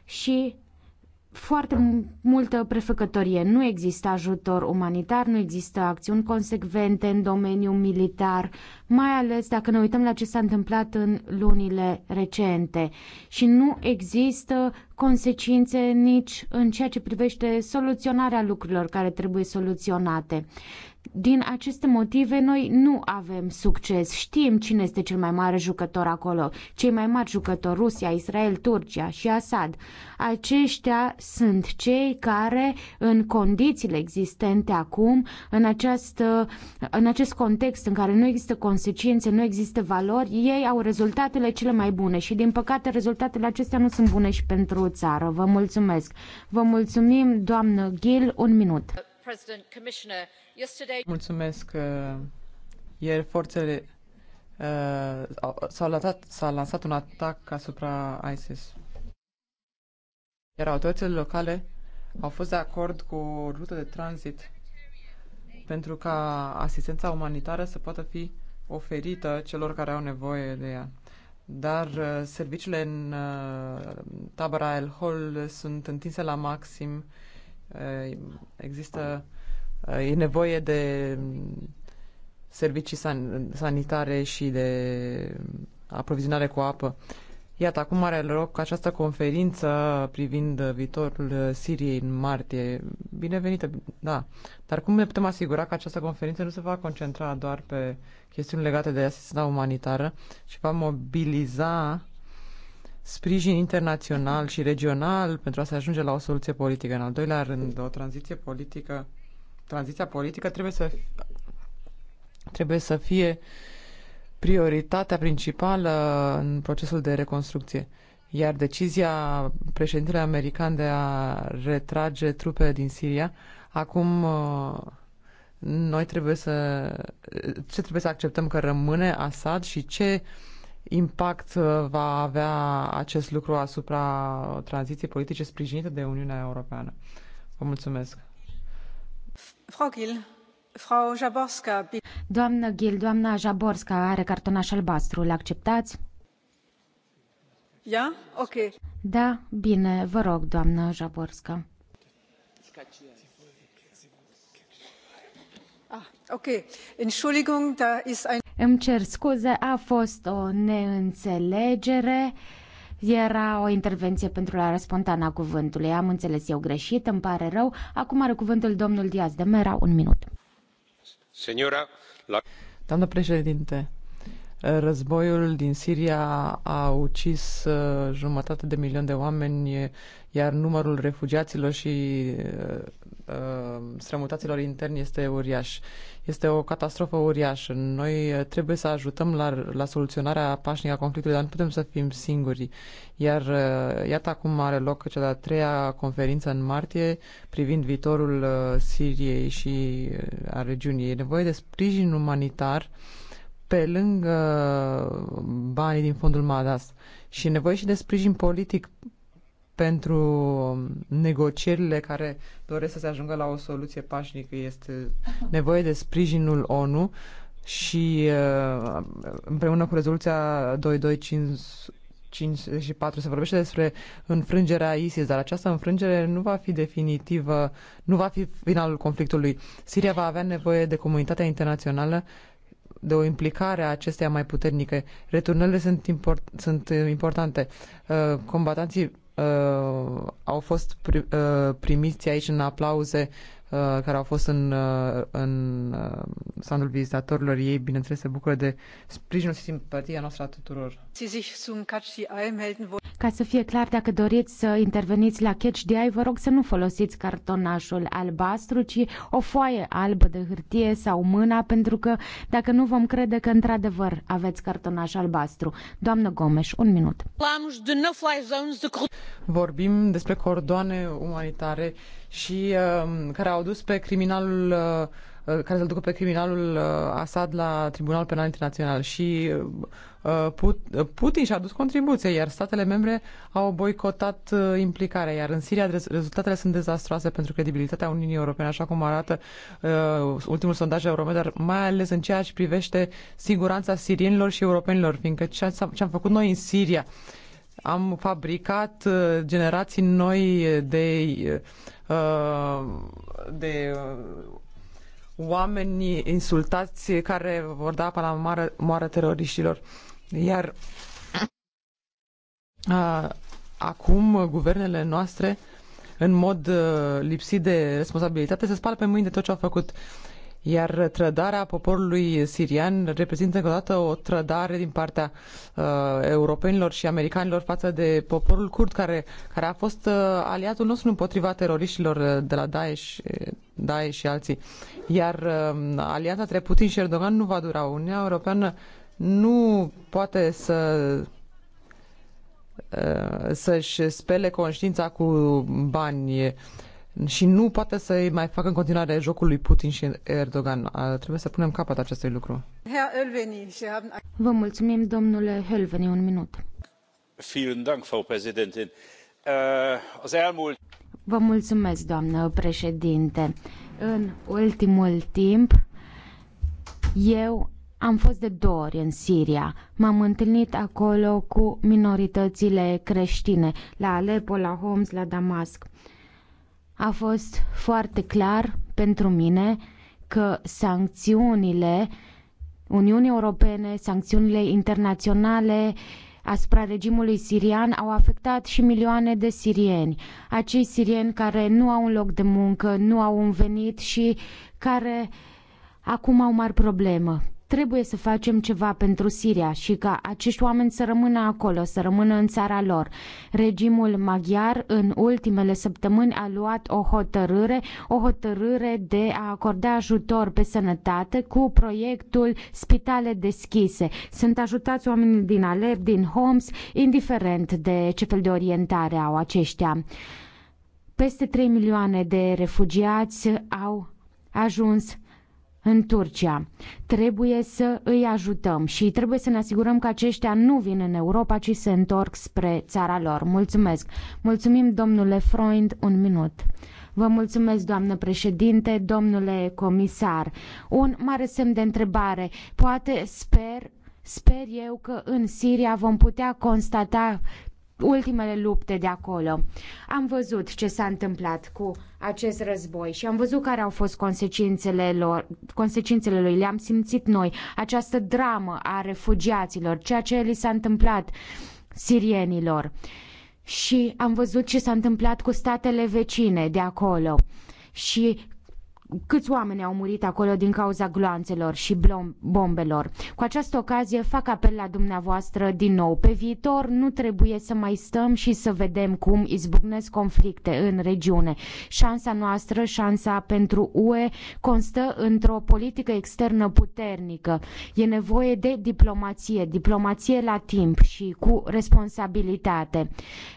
Și foarte multă prefăcătorie. Nu există ajutor umanitar, nu există acțiuni consecvente în domeniul militar, mai ales dacă ne uităm la ce s-a întâmplat în lunile recente. Și nu există consecințe nici în ceea ce privește soluționarea lucrurilor care trebuie soluționate. Din aceste motive, noi nu avem succes. Știm cine este cel mai mare jucător acolo. Cei mai mari jucători, Rusia, Israel, Turcia și Assad. Aceștia sunt cei care, în condițiile existente acum, în, această, în acest context în care nu există consecințe, nu există valori, ei au rezultatele cele mai bune și, din păcate, rezultatele acestea nu sunt bune și pentru țară. Vă mulțumesc. Vă mulțumim, doamnă Gil, un minut. President, Commissioner, Mulțumesc. Uh, ieri forțele uh, s-au lansat, s-a lansat un atac asupra ISIS. Iar autoritățile locale au fost de acord cu o rută de tranzit pentru ca asistența umanitară să poată fi oferită celor care au nevoie de ea. Dar uh, serviciile în uh, tabăra El Hol sunt întinse la maxim. Uh, există uh, E nevoie de servicii san- sanitare și de aprovizionare cu apă. Iată, acum are loc această conferință privind viitorul Siriei în martie. Binevenită, da. Dar cum ne putem asigura că această conferință nu se va concentra doar pe chestiuni legate de asistența umanitară și va mobiliza sprijin internațional și regional pentru a se ajunge la o soluție politică? În al doilea rând, o tranziție politică tranziția politică trebuie să, trebuie să fie prioritatea principală în procesul de reconstrucție. Iar decizia președintelui american de a retrage trupe din Siria, acum uh, noi trebuie să... ce trebuie să acceptăm că rămâne Assad și ce impact uh, va avea acest lucru asupra tranziției politice sprijinite de Uniunea Europeană. Vă mulțumesc! Doamnă Gil, doamna Jaborska are cartonaș albastru. L-acceptați? Ja? Ok. Da, bine, vă rog, doamnă Jaborska. Ah, ok. Entschuldigung, da ist ein... Îmi cer scuze, a fost o neînțelegere. Uh, era o intervenție pentru la spontana cuvântului. Am înțeles eu greșit, îmi pare rău. Acum are cuvântul domnul Diaz de Mera, un minut. Senora, la... Doamnă președinte, războiul din Siria a ucis uh, jumătate de milion de oameni, iar numărul refugiaților și uh, uh, strămutaților interni este uriaș. Este o catastrofă uriașă. Noi uh, trebuie să ajutăm la, la soluționarea pașnică a conflictului, dar nu putem să fim singuri. Iar uh, iată acum are loc cea de-a treia conferință în martie privind viitorul uh, Siriei și uh, a regiunii. E nevoie de sprijin umanitar pe lângă uh, banii din fondul Madas și nevoie și de sprijin politic pentru negocierile care doresc să se ajungă la o soluție pașnică. Este nevoie de sprijinul ONU și uh, împreună cu rezoluția 2254 se vorbește despre înfrângerea ISIS, dar această înfrângere nu va fi definitivă, nu va fi finalul conflictului. Siria va avea nevoie de comunitatea internațională de o implicare a acesteia mai puternică. Returnările sunt, import, sunt importante. Uh, combatanții uh, au fost pri, uh, primiți aici în aplauze Uh, care au fost în, uh, în uh, standul vizitatorilor ei, bineînțeles, se bucură de sprijinul și simpatia noastră a tuturor. Ca să fie clar, dacă doriți să interveniți la Catch the Eye, vă rog să nu folosiți cartonașul albastru, ci o foaie albă de hârtie sau mâna, pentru că dacă nu vom crede că într-adevăr aveți cartonaș albastru. Doamnă Gomes, un minut. Vorbim despre cordoane umanitare și uh, care au dus pe criminalul uh, uh care să-l ducă pe criminalul uh, Assad la Tribunal Penal Internațional și uh, Putin și-a adus contribuție, iar statele membre au boicotat implicarea, iar în Siria rezultatele sunt dezastroase pentru credibilitatea Uniunii Europene, așa cum arată uh, ultimul sondaj Euromed, mai ales în ceea ce privește siguranța sirienilor și europenilor, fiindcă ce am făcut noi în Siria am fabricat generații noi de Uh, de uh, oameni insultați care vor da apa la moară, moară teroriștilor. Iar uh, acum guvernele noastre în mod lipsit de responsabilitate se spală pe mâini de tot ce au făcut iar trădarea poporului sirian reprezintă încă o dată o trădare din partea uh, europenilor și americanilor față de poporul curd, care, care a fost uh, aliatul nostru împotriva teroriștilor uh, de la Daesh, uh, Daesh și alții. Iar uh, alianța între Putin și Erdogan nu va dura. Uniunea Europeană nu poate să uh, să-și spele conștiința cu bani și nu poate să-i mai facă în continuare jocul lui Putin și Erdogan. Trebuie să punem capăt acestui lucru. Vă mulțumim, domnule Helveni, un minut. Äh, Vă mulțumesc, doamnă președinte. În ultimul timp, eu am fost de două ori în Siria. M-am întâlnit acolo cu minoritățile creștine, la Aleppo, la Homs, la Damasc. A fost foarte clar pentru mine că sancțiunile Uniunii Europene, sancțiunile internaționale asupra regimului sirian au afectat și milioane de sirieni. Acei sirieni care nu au un loc de muncă, nu au un venit și care acum au mari problemă. Trebuie să facem ceva pentru Siria și ca acești oameni să rămână acolo, să rămână în țara lor. Regimul maghiar în ultimele săptămâni a luat o hotărâre, o hotărâre de a acorda ajutor pe sănătate cu proiectul Spitale Deschise. Sunt ajutați oamenii din Alep, din Homs, indiferent de ce fel de orientare au aceștia. Peste 3 milioane de refugiați au ajuns în Turcia. Trebuie să îi ajutăm și trebuie să ne asigurăm că aceștia nu vin în Europa, ci se întorc spre țara lor. Mulțumesc! Mulțumim, domnule Freund, un minut. Vă mulțumesc, doamnă președinte, domnule comisar. Un mare semn de întrebare. Poate sper Sper eu că în Siria vom putea constata ultimele lupte de acolo. Am văzut ce s-a întâmplat cu acest război și am văzut care au fost consecințele, lor, consecințele lui. Le-am simțit noi, această dramă a refugiaților, ceea ce li s-a întâmplat sirienilor. Și am văzut ce s-a întâmplat cu statele vecine de acolo și câți oameni au murit acolo din cauza gloanțelor și bombelor. Cu această ocazie fac apel la dumneavoastră din nou. Pe viitor nu trebuie să mai stăm și să vedem cum izbucnesc conflicte în regiune. Șansa noastră, șansa pentru UE, constă într-o politică externă puternică. E nevoie de diplomație, diplomație la timp și cu responsabilitate.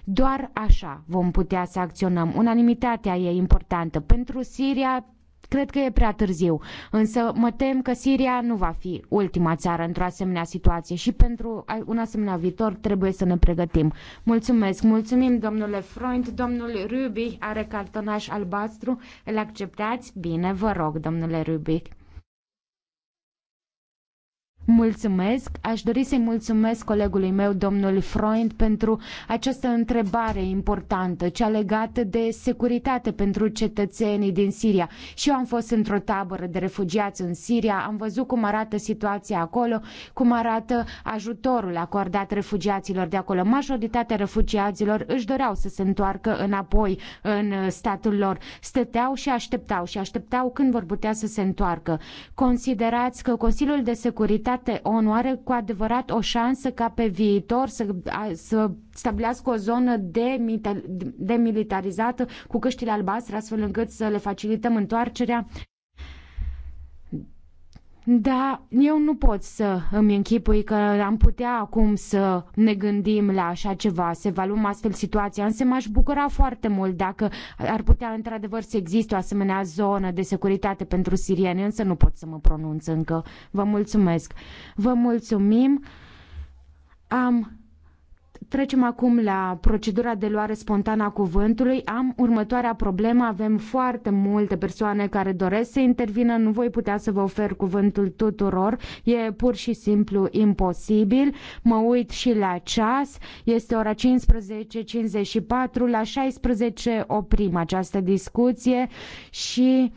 Doar așa vom putea să acționăm. Unanimitatea e importantă. Pentru Siria, Cred că e prea târziu, însă mă tem că Siria nu va fi ultima țară într-o asemenea situație și pentru un asemenea viitor trebuie să ne pregătim. Mulțumesc, mulțumim domnule Freund, domnul Rubic are cartonaș albastru, îl acceptați? Bine, vă rog, domnule Rubic. Mulțumesc. Aș dori să-i mulțumesc colegului meu, domnul Freund, pentru această întrebare importantă, cea legată de securitate pentru cetățenii din Siria. Și eu am fost într-o tabără de refugiați în Siria, am văzut cum arată situația acolo, cum arată ajutorul acordat refugiaților de acolo. Majoritatea refugiaților își doreau să se întoarcă înapoi în statul lor. Stăteau și așteptau și așteptau când vor putea să se întoarcă. Considerați că Consiliul de Securitate poate ONU are cu adevărat o șansă ca pe viitor să, să stabilească o zonă demilitarizată cu căștile albastre, astfel încât să le facilităm întoarcerea? Da, eu nu pot să îmi închipui că am putea acum să ne gândim la așa ceva, să evaluăm astfel situația, însă m-aș bucura foarte mult dacă ar putea într-adevăr să existe o asemenea zonă de securitate pentru sirieni, însă nu pot să mă pronunț încă. Vă mulțumesc. Vă mulțumim. Am Trecem acum la procedura de luare spontană a cuvântului. Am următoarea problemă. Avem foarte multe persoane care doresc să intervină. Nu voi putea să vă ofer cuvântul tuturor. E pur și simplu imposibil. Mă uit și la ceas. Este ora 15.54. La 16 oprim această discuție și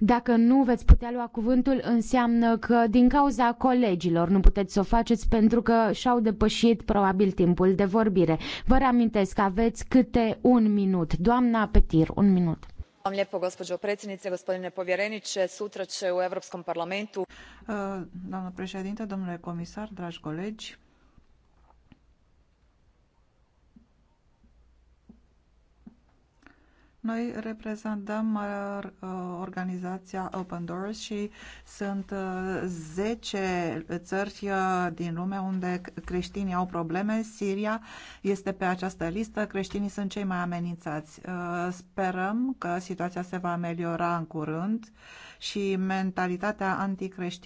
dacă nu veți putea lua cuvântul, înseamnă că din cauza colegilor nu puteți să o faceți pentru că și-au depășit probabil timpul de vorbire. Vă reamintesc că aveți câte un minut. Doamna Petir, un minut gospođo predsjednice gospodine povjereniče sutra će u europskom parlamentu. doamnă președintă domnule comisar dragi colegi Noi reprezentăm uh, uh, organizația Open Doors și sunt 10 uh, țări din lume unde creștinii au probleme. Siria este pe această listă. Creștinii sunt cei mai amenințați. Sperăm că situația se va ameliora în curând și mentalitatea anticreștină